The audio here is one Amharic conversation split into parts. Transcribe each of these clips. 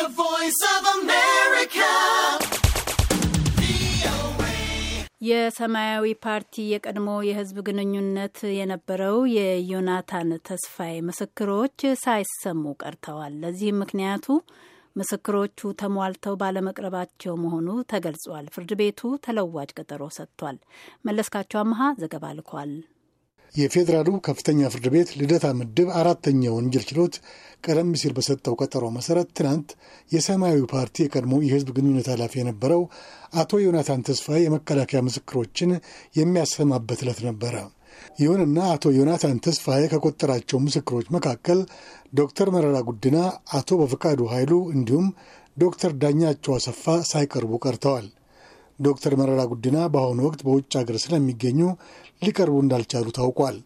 The Voice of America. የሰማያዊ ፓርቲ የቀድሞ የሕዝብ ግንኙነት የነበረው የዮናታን ተስፋዬ ምስክሮች ሳይሰሙ ቀርተዋል። ለዚህም ምክንያቱ ምስክሮቹ ተሟልተው ባለመቅረባቸው መሆኑ ተገልጿል። ፍርድ ቤቱ ተለዋጭ ቀጠሮ ሰጥቷል። መለስካቸው አመሃ ዘገባ ልኳል። የፌዴራሉ ከፍተኛ ፍርድ ቤት ልደታ ምድብ አራተኛ ወንጀል ችሎት ቀደም ሲል በሰጠው ቀጠሮ መሰረት ትናንት የሰማያዊ ፓርቲ የቀድሞ የህዝብ ግንኙነት ኃላፊ የነበረው አቶ ዮናታን ተስፋ የመከላከያ ምስክሮችን የሚያሰማበት ዕለት ነበረ። ይሁንና አቶ ዮናታን ተስፋዬ ከቆጠራቸው ምስክሮች መካከል ዶክተር መረራ ጉድና አቶ በፍቃዱ ኃይሉ እንዲሁም ዶክተር ዳኛቸው አሰፋ ሳይቀርቡ ቀርተዋል። ዶክተር መረራ ጉዲና በአሁኑ ወቅት በውጭ ሀገር ስለሚገኙ ሊቀርቡ እንዳልቻሉ ታውቋል።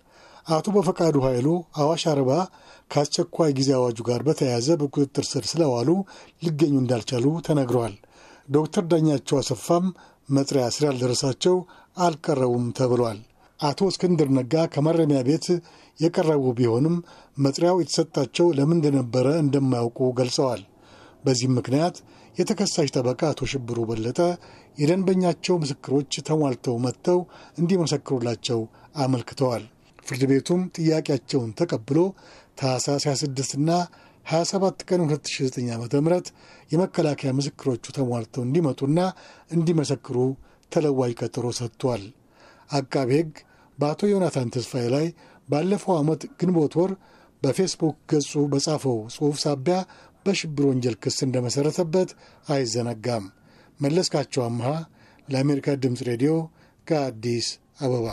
አቶ በፈቃዱ ኃይሉ አዋሽ አርባ ከአስቸኳይ ጊዜ አዋጁ ጋር በተያያዘ በቁጥጥር ስር ስለዋሉ ሊገኙ እንዳልቻሉ ተነግረዋል። ዶክተር ዳኛቸው አሰፋም መጥሪያ ስላልደረሳቸው አልቀረቡም ተብሏል። አቶ እስክንድር ነጋ ከማረሚያ ቤት የቀረቡ ቢሆንም መጥሪያው የተሰጣቸው ለምን እንደነበረ እንደማያውቁ ገልጸዋል። በዚህም ምክንያት የተከሳሽ ጠበቃ አቶ ሽብሩ በለጠ የደንበኛቸው ምስክሮች ተሟልተው መጥተው እንዲመሰክሩላቸው አመልክተዋል። ፍርድ ቤቱም ጥያቄያቸውን ተቀብሎ ታህሳስ 26ና 27 ቀን 2009 ዓ ም የመከላከያ ምስክሮቹ ተሟልተው እንዲመጡና እንዲመሰክሩ ተለዋጅ ቀጠሮ ሰጥቷል። አቃቤ ሕግ በአቶ ዮናታን ተስፋዬ ላይ ባለፈው ዓመት ግንቦት ወር በፌስቡክ ገጹ በጻፈው ጽሑፍ ሳቢያ በሽብር ወንጀል ክስ እንደመሠረተበት አይዘነጋም። መለስካቸው አምሃ ለአሜሪካ ድምፅ ሬዲዮ ከአዲስ አበባ